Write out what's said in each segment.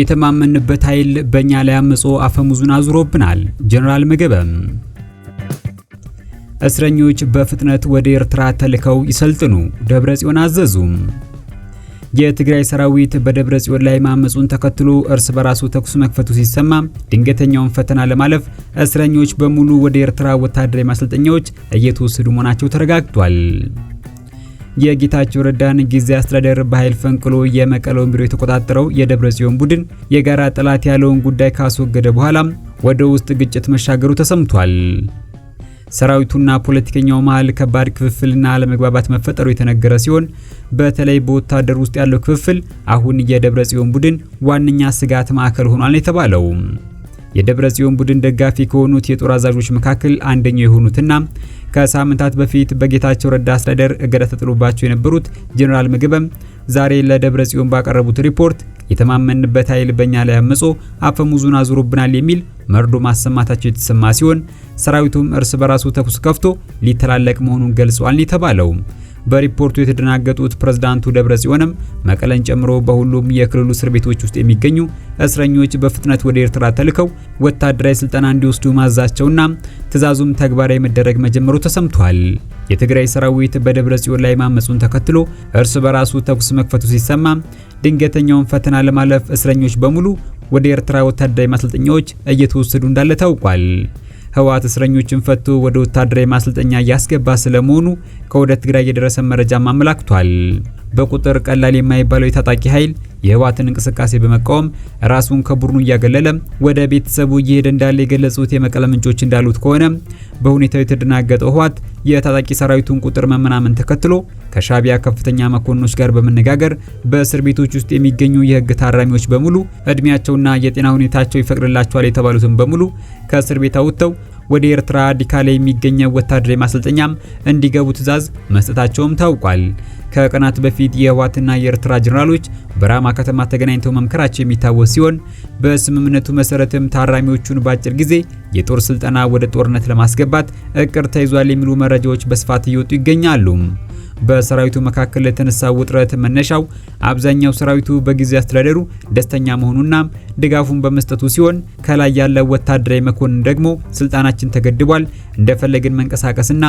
የተማመንበት ኃይል በእኛ ላይ አምጾ አፈሙዙን አዙሮብናል። ጀነራል ምግበም እስረኞች በፍጥነት ወደ ኤርትራ ተልከው ይሰልጥኑ ደብረ ጽዮን አዘዙ። የትግራይ ሰራዊት በደብረ ጽዮን ላይ ማመፁን ተከትሎ እርስ በራሱ ተኩስ መክፈቱ ሲሰማ ድንገተኛውን ፈተና ለማለፍ እስረኞች በሙሉ ወደ ኤርትራ ወታደራዊ ማሰልጠኛዎች እየተወሰዱ መሆናቸው ተረጋግጧል። የጌታቸው ረዳን ጊዜ አስተዳደር በኃይል ፈንቅሎ የመቀለውን ቢሮ የተቆጣጠረው የደብረ ጽዮን ቡድን የጋራ ጠላት ያለውን ጉዳይ ካስወገደ በኋላ ወደ ውስጥ ግጭት መሻገሩ ተሰምቷል። ሰራዊቱና ፖለቲከኛው መሃል ከባድ ክፍፍልና አለመግባባት መፈጠሩ የተነገረ ሲሆን በተለይ በወታደር ውስጥ ያለው ክፍፍል አሁን የደብረ ጽዮን ቡድን ዋነኛ ስጋት ማዕከል ሆኗል የተባለው የደብረ ጽዮን ቡድን ደጋፊ ከሆኑት የጦር አዛዦች መካከል አንደኛው የሆኑትና ከሳምንታት በፊት በጌታቸው ረዳ አስተዳደር እገዳ ተጥሎባቸው የነበሩት ጄኔራል ምግበም ዛሬ ለደብረ ጽዮን ባቀረቡት ሪፖርት የተማመንበት ኃይል በእኛ ላይ አመጾ አፈሙዙን አዙሮብናል የሚል መርዶ ማሰማታቸው የተሰማ ሲሆን ሰራዊቱም እርስ በራሱ ተኩስ ከፍቶ ሊተላለቅ መሆኑን ገልጿል የተባለው በሪፖርቱ የተደናገጡት ፕሬዝዳንቱ ደብረ ጽዮንም መቀለን ጨምሮ በሁሉም የክልሉ እስር ቤቶች ውስጥ የሚገኙ እስረኞች በፍጥነት ወደ ኤርትራ ተልከው ወታደራዊ ስልጠና እንዲወስዱ ማዛቸውና ትዕዛዙም ተግባራዊ መደረግ መጀመሩ ተሰምቷል። የትግራይ ሰራዊት በደብረ ጽዮን ላይ ማመጹን ተከትሎ እርስ በራሱ ተኩስ መክፈቱ ሲሰማ ድንገተኛውን ፈተና ለማለፍ እስረኞች በሙሉ ወደ ኤርትራ ወታደራዊ ማሰልጠኛዎች እየተወሰዱ እንዳለ ታውቋል። ህወሓት እስረኞችን ፈቶ ወደ ወታደራዊ ማሰልጠኛ እያስገባ ስለመሆኑ ከወደ ትግራይ የደረሰ መረጃም አመላክቷል። በቁጥር ቀላል የማይባለው የታጣቂ ኃይል የህወሓትን እንቅስቃሴ በመቃወም ራሱን ከቡድኑ እያገለለ ወደ ቤተሰቡ እየሄደ እንዳለ የገለጹት የመቀለ ምንጮች እንዳሉት ከሆነ በሁኔታው የተደናገጠው ህወሓት የታጣቂ ሰራዊቱን ቁጥር መመናመን ተከትሎ ከሻቢያ ከፍተኛ መኮንኖች ጋር በመነጋገር በእስር ቤቶች ውስጥ የሚገኙ የህግ ታራሚዎች በሙሉ እድሜያቸውና የጤና ሁኔታቸው ይፈቅድላቸዋል የተባሉትን በሙሉ ከእስር ቤት አውጥተው ወደ ኤርትራ ዲካላ የሚገኘው ወታደራዊ ማሰልጠኛም እንዲገቡ ትዕዛዝ መስጠታቸውም ታውቋል። ከቀናት በፊት የህወሓትና የኤርትራ ጀኔራሎች በራማ ከተማ ተገናኝተው መምከራቸው የሚታወስ ሲሆን በስምምነቱ መሰረትም ታራሚዎቹን በአጭር ጊዜ የጦር ስልጠና ወደ ጦርነት ለማስገባት እቅድ ተይዟል የሚሉ መረጃዎች በስፋት እየወጡ ይገኛሉ። በሰራዊቱ መካከል ለተነሳ ውጥረት መነሻው አብዛኛው ሰራዊቱ በጊዜ አስተዳደሩ ደስተኛ መሆኑና ድጋፉን በመስጠቱ ሲሆን ከላይ ያለ ወታደራዊ መኮንን ደግሞ ስልጣናችን ተገድቧል፣ እንደፈለግን መንቀሳቀስና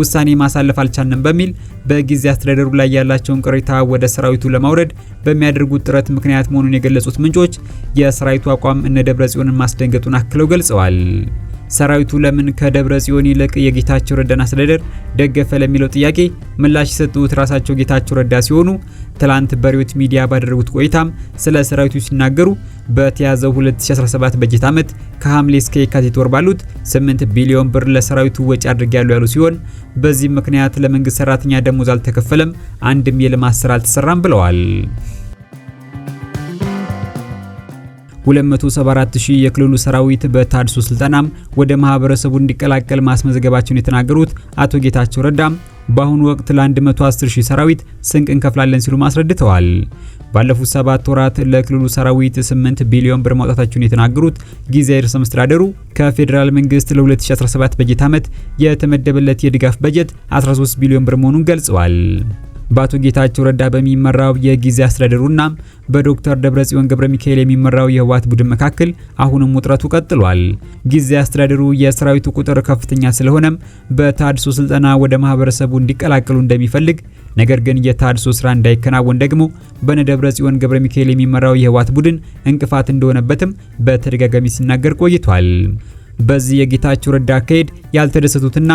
ውሳኔ ማሳለፍ አልቻልንም በሚል በጊዜ አስተዳደሩ ላይ ያላቸውን ቅሬታ ወደ ሰራዊቱ ለማውረድ በሚያደርጉት ጥረት ምክንያት መሆኑን የገለጹት ምንጮች የሰራዊቱ አቋም እነ ደብረ ጽዮንን ማስደንገጡን አክለው ገልጸዋል። ሰራዊቱ ለምን ከደብረ ጽዮን ይልቅ የጌታቸው ረዳን አስተዳደር ደገፈ ለሚለው ጥያቄ ምላሽ የሰጡት ራሳቸው ጌታቸው ረዳ ሲሆኑ ትላንት በሪዮት ሚዲያ ባደረጉት ቆይታም ስለ ሰራዊቱ ሲናገሩ በተያዘው 2017 በጀት ዓመት ከሐምሌ እስከ የካቲት ወር ባሉት 8 ቢሊዮን ብር ለሰራዊቱ ወጪ አድርጌያለሁ ያሉ ሲሆን በዚህ ምክንያት ለመንግስት ሰራተኛ ደሞዝ አልተከፈለም፣ አንድም የልማት ስራ አልተሰራም ብለዋል። 274000 የክልሉ ሰራዊት በታድሶ ስልጠናም ወደ ማህበረሰቡ እንዲቀላቀል ማስመዝገባቸውን የተናገሩት አቶ ጌታቸው ረዳም በአሁኑ ወቅት ለ 110000 ሰራዊት ስንቅ እንከፍላለን ሲሉ አስረድተዋል። ባለፉት ሰባት ወራት ለክልሉ ሰራዊት 8 ቢሊዮን ብር ማውጣታቸውን የተናገሩት ጊዜያዊ ርዕሰ መስተዳደሩ ከፌዴራል መንግስት ለ2017 በጀት ዓመት የተመደበለት የድጋፍ በጀት 13 ቢሊዮን ብር መሆኑን ገልጸዋል። በአቶ ጌታቸው ረዳ በሚመራው የጊዜ አስተዳደሩና በዶክተር ደብረጽዮን ገብረ ሚካኤል የሚመራው የህወሓት ቡድን መካከል አሁንም ውጥረቱ ቀጥሏል። ጊዜ አስተዳደሩ የሰራዊቱ ቁጥር ከፍተኛ ስለሆነም በታድሶ ስልጠና ወደ ማህበረሰቡ እንዲቀላቀሉ እንደሚፈልግ ነገር ግን የታድሶ ስራ እንዳይከናወን ደግሞ በነ ደብረጽዮን ገብረ ሚካኤል የሚመራው የህወሓት ቡድን እንቅፋት እንደሆነበትም በተደጋጋሚ ሲናገር ቆይቷል። በዚህ የጌታቸው ረዳ አካሄድ ያልተደሰቱትና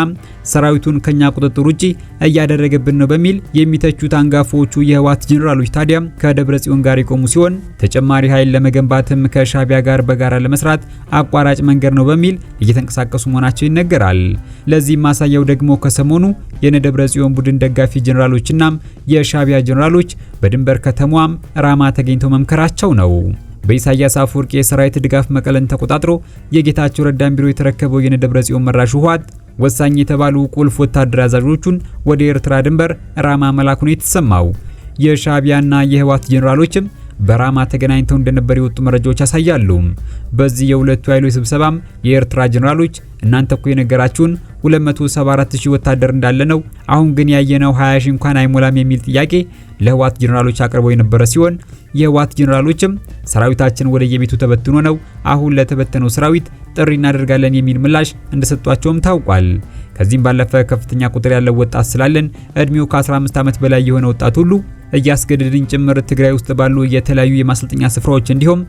ሰራዊቱን ከኛ ቁጥጥር ውጪ እያደረገብን ነው በሚል የሚተቹት አንጋፋዎቹ የህወሓት ጄኔራሎች ታዲያ ከደብረ ጽዮን ጋር የቆሙ ሲሆን ተጨማሪ ኃይል ለመገንባትም ከሻቢያ ጋር በጋራ ለመስራት አቋራጭ መንገድ ነው በሚል እየተንቀሳቀሱ መሆናቸው ይነገራል። ለዚህም ማሳያው ደግሞ ከሰሞኑ የነደብረ ጽዮን ቡድን ደጋፊ ጄኔራሎችና የሻቢያ ጄኔራሎች በድንበር ከተማዋም ራማ ተገኝተው መምከራቸው ነው። በኢሳያስ አፈወርቂ የሰራዊት ድጋፍ መቀለን ተቆጣጥሮ የጌታቸው ረዳን ቢሮ የተረከበው የነደብረ ጽዮን መራሹ ህወሓት ወሳኝ የተባሉ ቁልፍ ወታደር አዛዦቹን ወደ ኤርትራ ድንበር ራማ መላኩ ነው የተሰማው። የህዋት የህወሓት ጄኔራሎችም በራማ ተገናኝተው እንደነበር የወጡ መረጃዎች ያሳያሉ። በዚህ የሁለቱ ኃይሎች ስብሰባም የኤርትራ ጄኔራሎች እናንተ እኮ የነገራችሁን 274000 ወታደር እንዳለ ነው። አሁን ግን ያየነው 20 ሺህ እንኳን አይሞላም የሚል ጥያቄ ለህዋት ጄኔራሎች አቅርቦ የነበረ ሲሆን የህዋት ጄኔራሎችም ሰራዊታችን ወደ የቤቱ ተበትኖ ነው፣ አሁን ለተበተነው ሰራዊት ጥሪ እናደርጋለን የሚል ምላሽ እንደሰጧቸውም ታውቋል። ከዚህም ባለፈ ከፍተኛ ቁጥር ያለው ወጣት ስላለን እድሜው ከ15 ዓመት በላይ የሆነ ወጣት ሁሉ እያስገደድን ጭምር ትግራይ ውስጥ ባሉ የተለያዩ የማሰልጠኛ ስፍራዎች እንዲሁም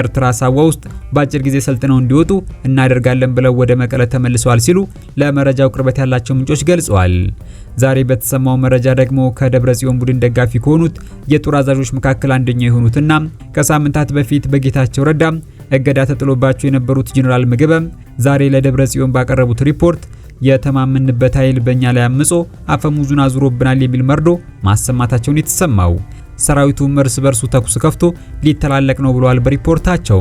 ኤርትራ ሳዋ ውስጥ በአጭር ጊዜ ሰልጥነው እንዲወጡ እናደርጋለን ብለው ወደ መቀለ ተመልሰዋል ሲሉ ለመረጃው ቅርበት ያላቸው ምንጮች ገልጸዋል። ዛሬ በተሰማው መረጃ ደግሞ ከደብረ ጽዮን ቡድን ደጋፊ ከሆኑት የጦር አዛዦች መካከል አንደኛው የሆኑትና ከሳምንታት በፊት በጌታቸው ረዳ እገዳ ተጥሎባቸው የነበሩት ጄኔራል ምግበ ዛሬ ለደብረ ጽዮን ባቀረቡት ሪፖርት የተማመንበት ኃይል በእኛ ላይ አምጾ አፈሙዙን አዙሮብናል የሚል መርዶ ማሰማታቸውን የተሰማው ሰራዊቱም እርስ በርሱ ተኩስ ከፍቶ ሊተላለቅ ነው ብለዋል በሪፖርታቸው።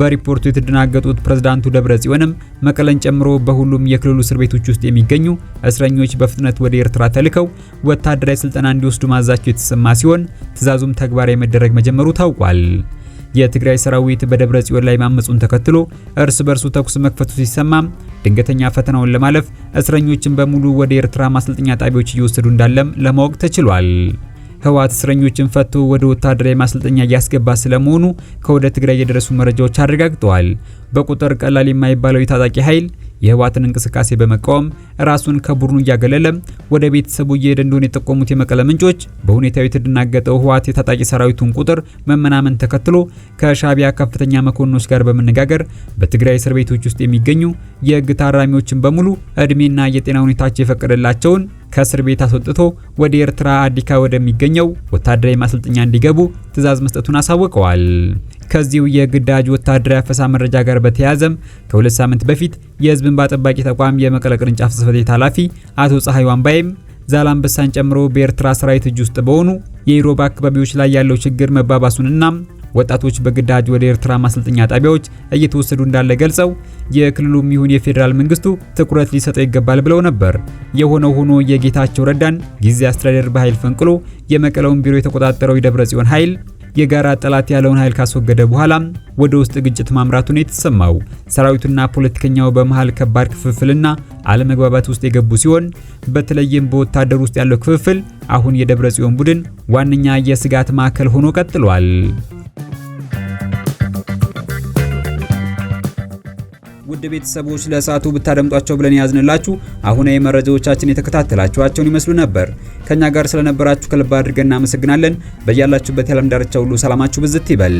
በሪፖርቱ የተደናገጡት ፕሬዝዳንቱ ደብረ ጽዮንም መቀለን ጨምሮ በሁሉም የክልሉ እስር ቤቶች ውስጥ የሚገኙ እስረኞች በፍጥነት ወደ ኤርትራ ተልከው ወታደራዊ ስልጠና እንዲወስዱ ማዛቸው የተሰማ ሲሆን ትዕዛዙም ተግባራዊ መደረግ መጀመሩ ታውቋል። የትግራይ ሰራዊት በደብረ ጽዮን ላይ ማመፁን ተከትሎ እርስ በርሱ ተኩስ መክፈቱ ሲሰማ ድንገተኛ ፈተናውን ለማለፍ እስረኞችን በሙሉ ወደ ኤርትራ ማሰልጠኛ ጣቢያዎች እየወሰዱ እንዳለም ለማወቅ ተችሏል። ህወሓት እስረኞችን ፈቶ ወደ ወታደራዊ ማሰልጠኛ እያስገባ ስለመሆኑ ከወደ ትግራይ የደረሱ መረጃዎች አረጋግጠዋል። በቁጥር ቀላል የማይባለው የታጣቂ ኃይል የህወሓትን እንቅስቃሴ በመቃወም ራሱን ከቡድኑ እያገለለ ወደ ቤተሰቡ እየሄደ እንደሆነ የጠቆሙት የመቀለ ምንጮች በሁኔታው የተደናገጠው ህወሓት የታጣቂ ሰራዊቱን ቁጥር መመናመን ተከትሎ ከሻቢያ ከፍተኛ መኮንኖች ጋር በመነጋገር በትግራይ እስር ቤቶች ውስጥ የሚገኙ የህግ ታራሚዎችን በሙሉ እድሜና የጤና ሁኔታቸው የፈቀደላቸውን ከእስር ቤት አስወጥቶ ወደ ኤርትራ አዲካ ወደሚገኘው ወታደራዊ ማሰልጠኛ እንዲገቡ ትዕዛዝ መስጠቱን አሳውቀዋል። ከዚሁ የግዳጅ ወታደራዊ አፈሳ መረጃ ጋር በተያያዘም ከሁለት ሳምንት በፊት የህዝብ እንባ ጠባቂ ተቋም የመቀለ ቅርንጫፍ ጽህፈት ቤት ኃላፊ አቶ ፀሐይ ዋንባይም ዛላምበሳን ጨምሮ በኤርትራ ሰራዊት እጅ ውስጥ በሆኑ የኢሮብ አካባቢዎች ላይ ያለው ችግር መባባሱንና ወጣቶች በግዳጅ ወደ ኤርትራ ማሰልጠኛ ጣቢያዎች እየተወሰዱ እንዳለ ገልጸው የክልሉም ይሁን የፌዴራል መንግስቱ ትኩረት ሊሰጠው ይገባል ብለው ነበር። የሆነ ሆኖ የጌታቸው ረዳን ጊዜ አስተዳደር በኃይል ፈንቅሎ የመቀለውን ቢሮ የተቆጣጠረው የደብረ ጽዮን ኃይል የጋራ ጠላት ያለውን ኃይል ካስወገደ በኋላ ወደ ውስጥ ግጭት ማምራቱን የተሰማው ሰራዊቱና ፖለቲከኛው በመሃል ከባድ ክፍፍልና አለመግባባት ውስጥ የገቡ ሲሆን በተለይም በወታደር ውስጥ ያለው ክፍፍል አሁን የደብረ ጽዮን ቡድን ዋነኛ የስጋት ማዕከል ሆኖ ቀጥሏል። ውድ ቤተሰቦች ለሰዓቱ ብታደምጧቸው ብለን ያዝንላችሁ አሁን የመረጃዎቻችን የተከታተላችኋቸውን ይመስሉ ነበር። ከኛ ጋር ስለነበራችሁ ከልብ አድርገን እናመሰግናለን። በያላችሁበት የዓለም ዳርቻ ሁሉ ሰላማችሁ ብዝት ይበል።